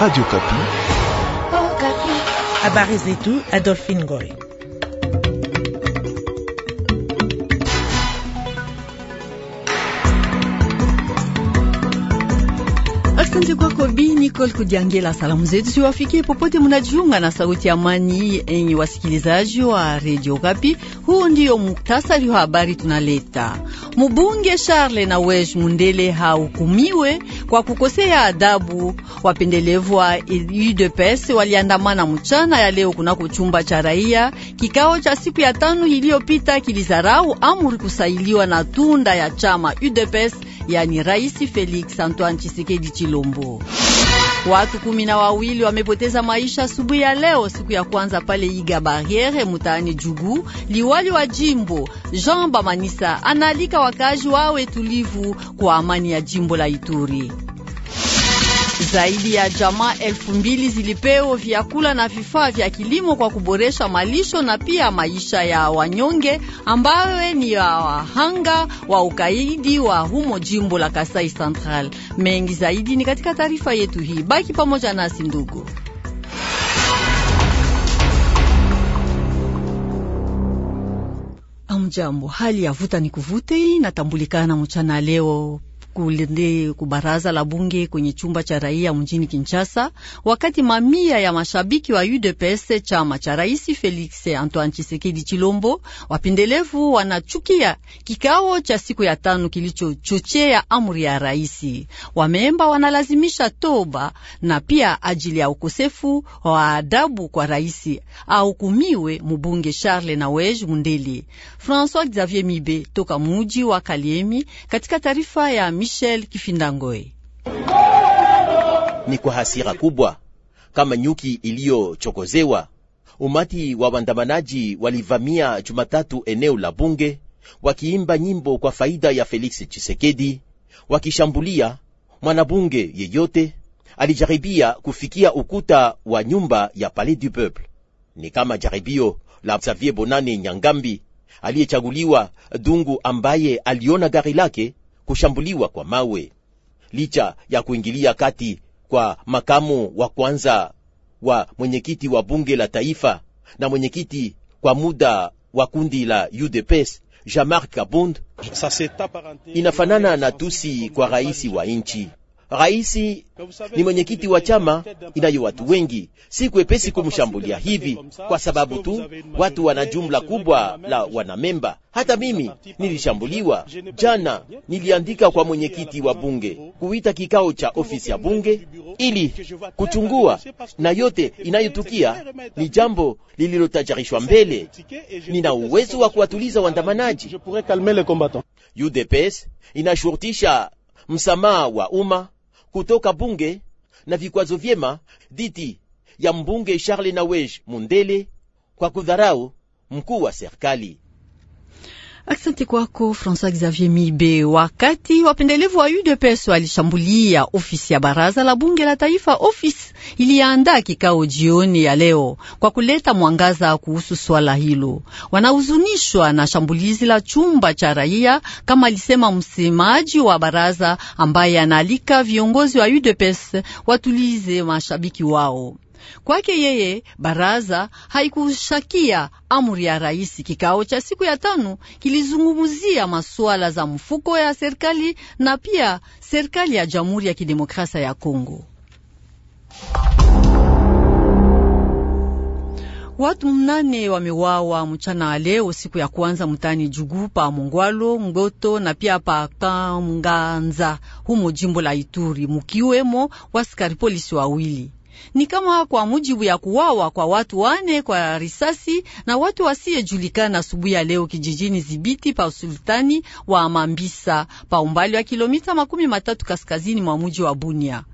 Radio oh, Kapi. Habari zetu Adolphine Goy. Asante kwako Bi Nicole Kudiangela. Salamu zetu ziwafikie popote munajiunga na Sauti ya Amani, enyi wasikilizaji wa redio Kapi. Huu ndiyo muktasari wa habari tunaleta. Mubunge Charles na wege Mundele hahukumiwe kwa kukosea adabu. Wapendelevu wa UDPS waliandamana mchana ya leo kunako chumba cha raia. Kikao cha siku ya tano iliyopita kilizarau amri kusailiwa na tunda ya chama UDPS, yani Rais Felix Antoine Chisekedi Chilombo. Butembo. Watu kumi na wawili wamepoteza maisha asubuhi ya leo, siku ya kwanza pale Iga Barriere mutaani Jugu. Liwali wa jimbo Jean Bamanisa analika wakazi wawe tulivu kwa amani ya jimbo la Ituri. Zaidi ya jamaa elfu mbili zilipewa vyakula na vifaa vya kilimo kwa kuboresha malisho na pia maisha ya wanyonge ambayo ni ya wahanga wa ukaidi wa humo jimbo la Kasai Central. Mengi zaidi ni katika taarifa yetu hii, baki pamoja nasi ndugu. Amjambo, hali ya vuta ni kuvute inatambulikana mchana leo kulende kubaraza la bunge kwenye chumba cha raia mjini Kinshasa, wakati mamia ya mashabiki wa UDPS chama cha Rais Felix Antoine Chisekedi Chilombo wapendelevu wanachukia kikao cha siku ya tano kilichochochea amri ya raisi. Wamemba wanalazimisha toba na pia ajili ya ukosefu wa adabu kwa raisi ahukumiwe mubunge Charles na Wege Mundeli, François Xavier Mibe toka muji wa Kaliemi katika taarifa ya Michel Kifindangoe. Ni kwa hasira kubwa kama nyuki iliyochokozewa, umati wa waandamanaji walivamia Jumatatu eneo la bunge wakiimba nyimbo kwa faida ya Felix Chisekedi, wakishambulia mwanabunge yeyote alijaribia kufikia ukuta wa nyumba ya Palais du Peuple. Ni kama jaribio la Xavier Bonane Nyangambi aliyechaguliwa Dungu, ambaye aliona gari lake kushambuliwa kwa mawe, licha ya kuingilia kati kwa makamu wa kwanza wa mwenyekiti wa bunge la taifa na mwenyekiti kwa muda wa kundi la UDPS Jean-Marc Kabund. Inafanana na tusi kwa rais wa nchi. Raisi ni mwenyekiti wa chama inayo watu wengi, si kwepesi kumshambulia hivi, kwa sababu tu watu wana jumla kubwa la wanamemba. Hata mimi nilishambuliwa jana. Niliandika kwa mwenyekiti wa bunge kuita kikao cha ofisi ya bunge ili kuchungua, na yote inayotukia ni jambo lililotajarishwa mbele. Nina uwezo wa kuwatuliza waandamanaji. UDPS inashurutisha msamaha wa umma kutoka bunge na vikwazo vyema dhidi ya mbunge Charles nawege Mundele kwa kudharau mkuu wa serikali. Asante kwako Francois Xavier Mibe. Wakati wapendelevu wa UDPS walishambulia ofisi ya baraza la bunge la taifa, ofisi iliandaa kikao jioni ya leo kwa kuleta mwangaza kuhusu swala hilo. Wanahuzunishwa na shambulizi la chumba cha raia, kama alisema msemaji wa baraza ambaye anaalika viongozi wa UDPS watulize mashabiki wao. Kwake yeye baraza haikushakia amri ya rais. Kikao cha siku ya tano kilizungumzia masuala za mfuko ya serikali na pia serikali ya Jamhuri ya Kidemokrasia ya Kongo. Watu mnane wamewawa mchana wa leo siku ya kwanza mutani Jugu pa Mongwalo Ngoto na pia pa kamnganza humo jimbo la Ituri, mukiwemo wasikari polisi wawili. Ni kama kwa mujibu ya kuwawa kwa watu wane kwa risasi na watu wasiyejulikana asubuhi ya leo kijijini Zibiti pa usultani wa Mambisa pa umbali wa kilomita makumi matatu kaskazini mwa muji wa Bunia.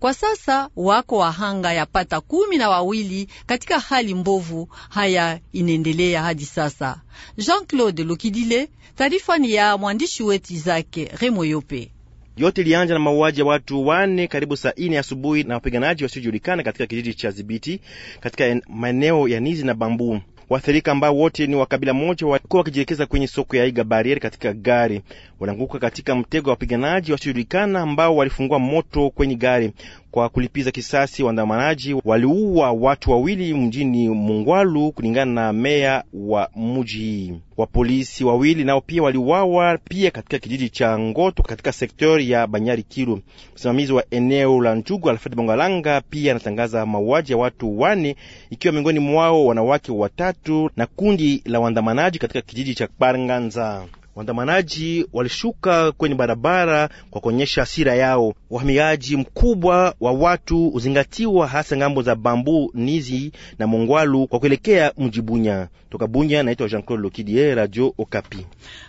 Kwa sasa wako wahanga yapata kumi na wawili katika hali mbovu. Haya inaendelea hadi sasa. Jean Claude Lokidile, taarifa ni ya mwandishi wetu Izake Remoyope. Yote ilianza na mauaji ya watu wane karibu saa ine asubuhi na wapiganaji wasiojulikana katika kijiji cha Zibiti katika maeneo ya Nizi na Bambu. Waathirika ambao wote ni wa kabila moja walikuwa wakijielekeza kwenye soko ya Iga Barieri katika gari, walianguka katika mtego wa wapiganaji wasiojulikana ambao walifungua moto kwenye gari. Kwa kulipiza kisasi, waandamanaji waliua watu wawili mjini Mungwalu, kulingana na meya wa mji. Wapolisi wawili nao pia waliuawa pia katika kijiji cha Ngoto katika sektori ya Banyari kilu Msimamizi wa eneo la Njugu Alfred Bongalanga pia anatangaza mauaji ya watu wane, ikiwa miongoni mwao wanawake watatu na kundi la waandamanaji katika kijiji cha Banganza. Waandamanaji walishuka kwenye barabara kwa kuonyesha hasira yao. Uhamiaji mkubwa wa watu uzingatiwa hasa ngambo za Bambu, Nizi na Mongwalu kwa kuelekea mji Bunya. Toka Bunya, naitwa Jean Claude Lokidie, Radio Okapi.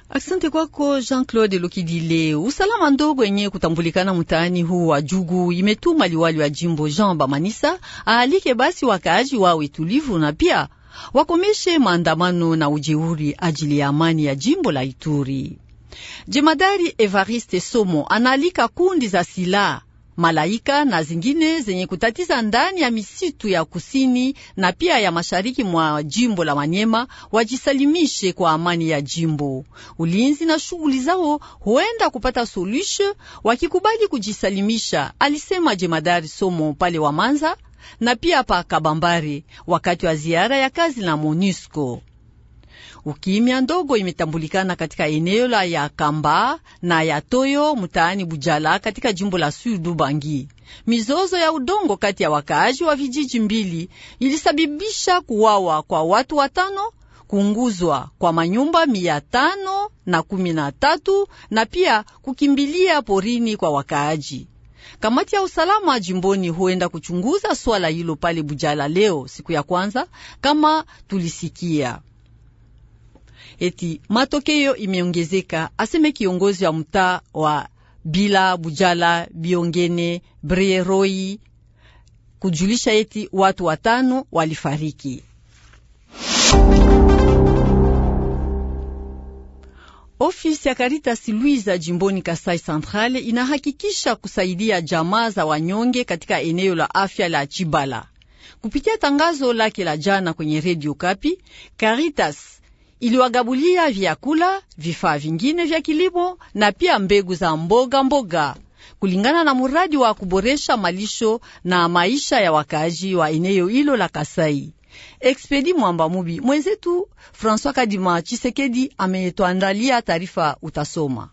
Asante kwako Jean Claude Lokidile. Usalama ndogo yenye kutambulikana mtaani huu wa Jugu imetuma liwali wa jimbo Jean Bamanisa aalike basi wakaaji wawe tulivu na pia wakomeshe maandamano na ujeuri ajili ya amani ya jimbo la Ituri. Jemadari Evariste Somo anaalika kundi za silaha Malaika na zingine zenye kutatiza ndani ya misitu ya kusini na pia ya mashariki mwa jimbo la Manyema wajisalimishe kwa amani ya jimbo. Ulinzi na shughuli zao huenda kupata suluhisho wakikubali kujisalimisha, alisema jemadari Somo pale wa manza na pia pa Kabambari wakati wa ziara ya kazi na MONUSCO. Ukimya ndogo imetambulikana katika eneo la ya Kamba na ya Toyo mtaani Bujala katika jimbo la Sud Ubangi. Mizozo ya udongo kati ya wakaaji wa vijiji mbili ilisababisha kuwawa kwa watu watano, kuunguzwa kwa manyumba mia tano na kumi na tatu na pia kukimbilia porini kwa wakaaji. Kamati ya usalama jimboni huenda kuchunguza swala hilo pale Bujala leo siku ya kwanza, kama tulisikia eti matokeo imeongezeka, aseme kiongozi wa mtaa wa bila Bujala Biongene Brieroi, kujulisha eti watu watano walifariki. Ofisi ya Caritas Luiza jimboni Kasai Central inahakikisha kusaidia jamaa za wanyonge katika eneo la afya la Chibala. Kupitia tangazo lake la jana kwenye redio Kapi, Caritas iliwagabulia vyakula, vifaa vingine vya kilimo na pia mbegu za mboga mboga kulingana na muradi wa kuboresha malisho na maisha ya wakaaji wa eneo hilo la Kasai. Expedi Mwamba Mubi, mwenzetu François Kadima Chisekedi ametuandalia taarifa, utasoma.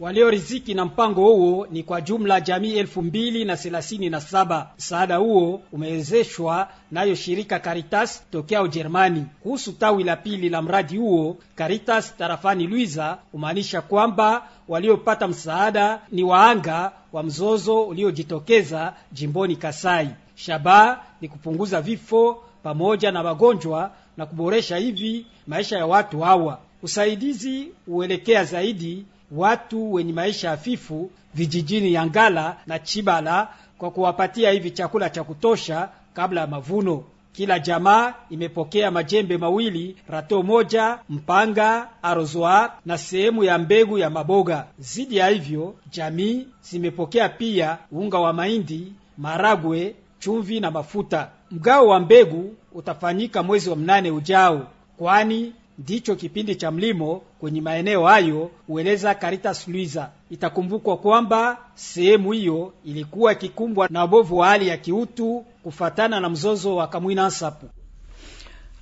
Walioriziki na mpango huo ni kwa jumla jamii elfu mbili na thelathini na saba. Msaada huo umewezeshwa nayo shirika Caritas tokea Ujerumani. Kuhusu tawi la pili la mradi huo Caritas tarafani Luiza, humaanisha kwamba waliopata msaada ni waanga wa mzozo uliojitokeza jimboni Kasai. Shabaha ni kupunguza vifo pamoja na wagonjwa na kuboresha hivi maisha ya watu hawa. Usaidizi huelekea zaidi watu wenye maisha hafifu vijijini ya Ngala na Chibala kwa kuwapatia hivi chakula cha kutosha kabla ya mavuno. Kila jamaa imepokea majembe mawili, rato moja, mpanga, arozoa na sehemu ya mbegu ya maboga. Zidi ya hivyo, jamii zimepokea pia unga wa mahindi, maragwe chumvi na mafuta. Mgao wa mbegu utafanyika mwezi wa mnane ujao, kwani ndicho kipindi cha mlimo kwenye maeneo hayo, hueleza Caritas Luiza. Itakumbukwa kwamba sehemu hiyo ilikuwa ikikumbwa na ubovu wa hali ya kiutu kufatana na mzozo wa Kamwina Nsapu.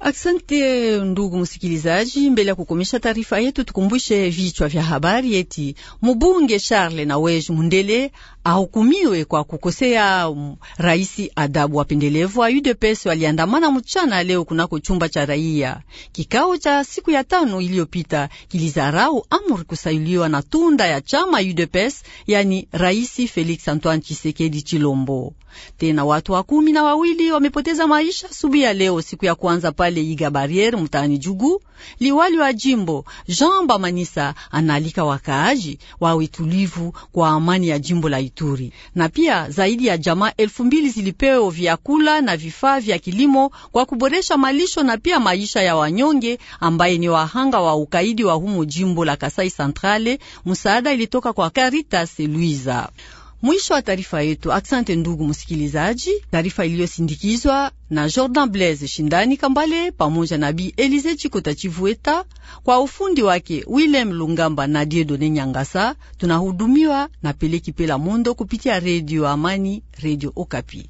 Asante ndugu msikilizaji, mbele ya kukomesha taarifa yetu tukumbushe vichwa vya habari eti mbunge Charles na Nawej Mundele ahukumiwe kwa kukosea rais adabu. Wapendelevu wa UDPS waliandamana mchana leo kunako chumba cha raia. Kikao cha siku ya tano iliyopita kilizarau amri kusailiwa na tunda ya chama UDPS, yani rais Felix Antoine Chisekedi Chilombo. Tena watu wa kumi na wawili wamepoteza maisha subu ya leo siku ya kwanza pa pale Iga Barriere mtaani Jugu, liwali wa jimbo Jean Bamanisa anaalika wakaaji wawe tulivu kwa amani ya jimbo la Ituri. Na pia zaidi ya jamaa elfu mbili zilipewa vyakula na vifaa vya kilimo kwa kuboresha malisho na pia maisha ya wanyonge ambaye ni wahanga wa ukaidi wa humo jimbo la Kasai Centrale. Msaada ilitoka kwa Caritas Luiza. Mwisho wa taarifa yetu. Aksante ndugu msikilizaji, taarifa iliyosindikizwa na Jordan Blaise Shindani Kambale pamoja na Bi Elize Chikota Chivueta, kwa ufundi wake William Lungamba na Diedone Nyangasa. Tunahudumiwa na Peleki Pela Mondo kupitia Redio Amani, Redio Okapi.